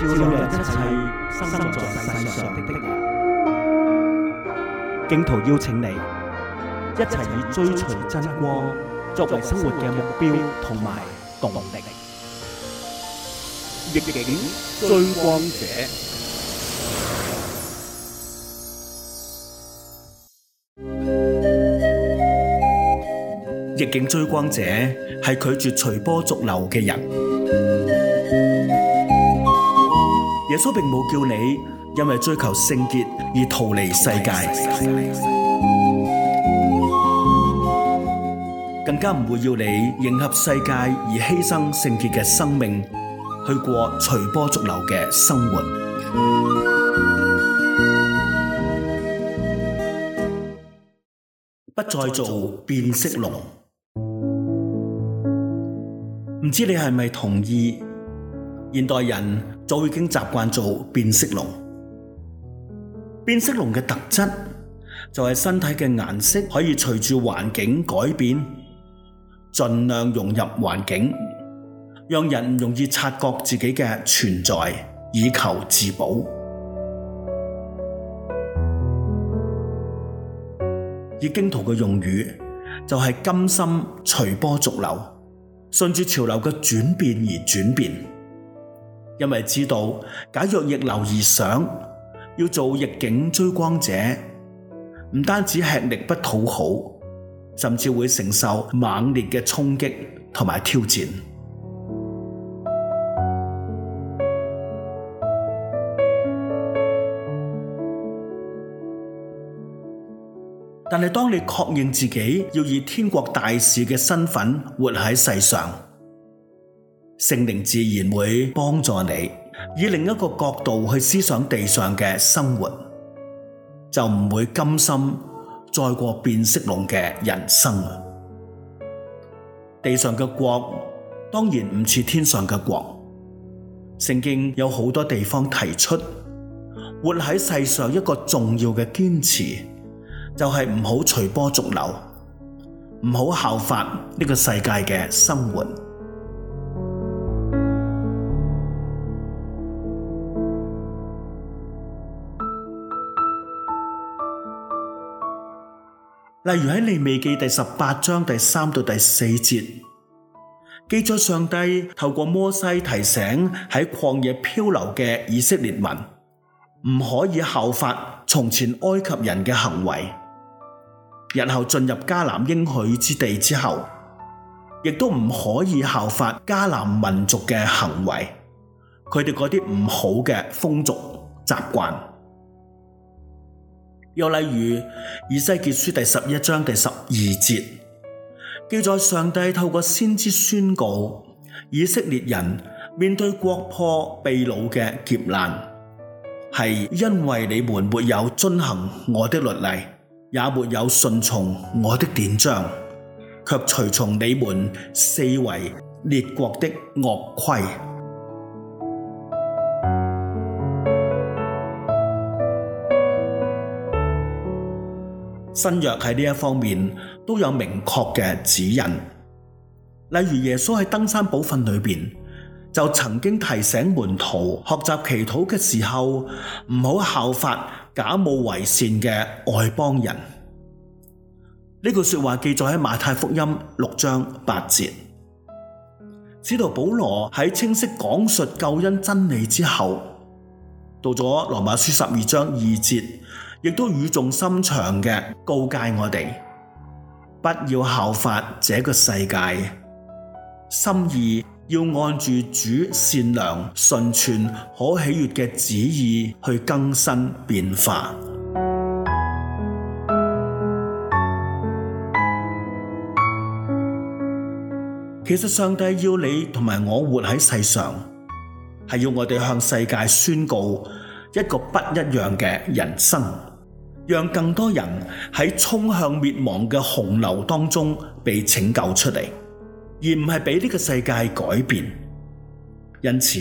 照亮一切生在世上的的人，荊徒邀請你一齊以追隨真光作為生活嘅目標同埋動力。逆境追光者，逆境追光者，係拒絕隨波逐流嘅人。耶穌並冇叫你因為追求聖潔而逃離世界，更加唔會要你迎合世界而犧牲聖潔嘅生命，去過隨波逐流嘅生活，不再做變色龍。唔知你係咪同意？現代人早已經習慣做變色龍。變色龍嘅特質就係身體嘅顏色可以隨住環境改變，盡量融入環境，讓人唔容易察覺自己嘅存在，以求自保。以荊徒嘅用語就係甘心隨波逐流，順住潮流嘅轉變而轉變。因為知道，假若逆流而上，要做逆境追光者，唔單止吃力不討好，甚至會承受猛烈嘅衝擊同埋挑戰。但係當你確認自己要以天國大使嘅身份活喺世上。聖靈自然會幫助你，以另一個角度去思想地上嘅生活，就唔會甘心再過變色龍嘅人生。地上嘅國當然唔似天上嘅國，聖經有好多地方提出，活喺世上一個重要嘅堅持，就係唔好隨波逐流，唔好效法呢個世界嘅生活。例如喺《利未記》第十八章第三到第四節，記載上帝透過摩西提醒喺曠野漂流嘅以色列民，唔可以效法從前埃及人嘅行為；日後進入迦南應許之地之後，亦都唔可以效法迦南民族嘅行為，佢哋嗰啲唔好嘅風俗習慣。又例如以西結書第十一章第十二節記載，上帝透過先知宣告以色列人面對國破被擄嘅劫難，是因為你們沒有遵行我的律例，也沒有順從我的典章，卻隨從你們四圍列國的惡規。新約喺呢一方面都有明確嘅指引，例如耶穌喺登山寶訓裏邊就曾經提醒門徒學習祈禱嘅時候唔好效法假冒為善嘅外邦人。呢句說話記載喺馬太福音六章八節。使徒保羅喺清晰講述救恩真理之後，到咗羅馬書十二章二節。亦都語重心長嘅告誡我哋不要效法這個世界，心意要按住主善良、純全、可喜悅嘅旨意去更新變化。其實上帝要你同埋我活喺世上，係要我哋向世界宣告一個不一樣嘅人生。讓更多人喺衝向滅亡嘅洪流當中被拯救出嚟，而唔係俾呢個世界改變。因此，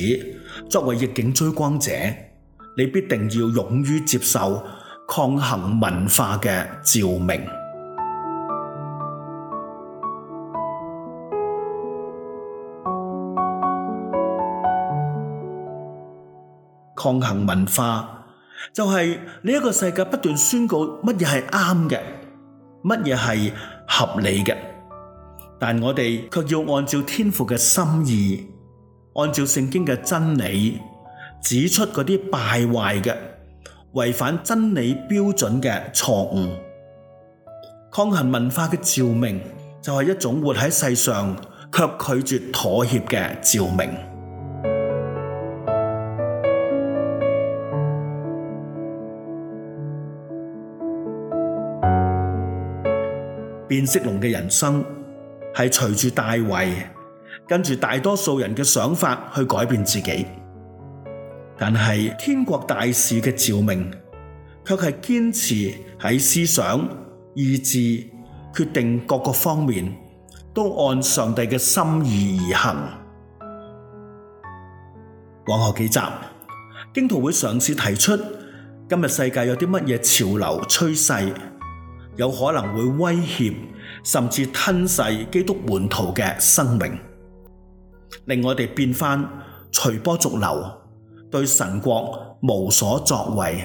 作為逆境追光者，你必定要勇於接受抗衡文化嘅照明，抗衡文化。就係呢一個世界不斷宣告乜嘢係啱嘅，乜嘢係合理嘅，但我哋卻要按照天父嘅心意，按照聖經嘅真理，指出嗰啲敗壞嘅、違反真理標準嘅錯誤。抗衡文化嘅照明就係一種活喺世上卻拒絕妥協嘅照明。變色龍嘅人生係隨住大圍跟住大多數人嘅想法去改變自己，但係天國大使嘅召命卻係堅持喺思想、意志、決定各個方面都按上帝嘅心意而行。往後幾集，荊徒會嘗試提出今日世界有啲乜嘢潮流趨勢、趨勢有可能會威脅甚至吞噬基督門徒嘅生命，令我哋變返隨波逐流，對神國無所作為，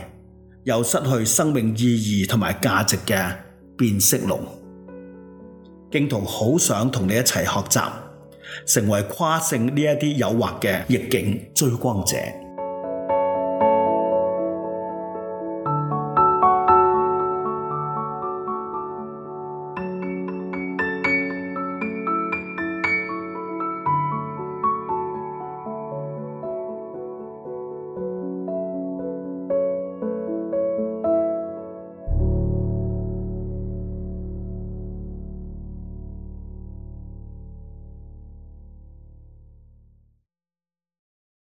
又失去生命意義同埋價值嘅變色龍。荊徒好想同你一齊學習，成為誇勝呢啲誘惑嘅逆境追光者。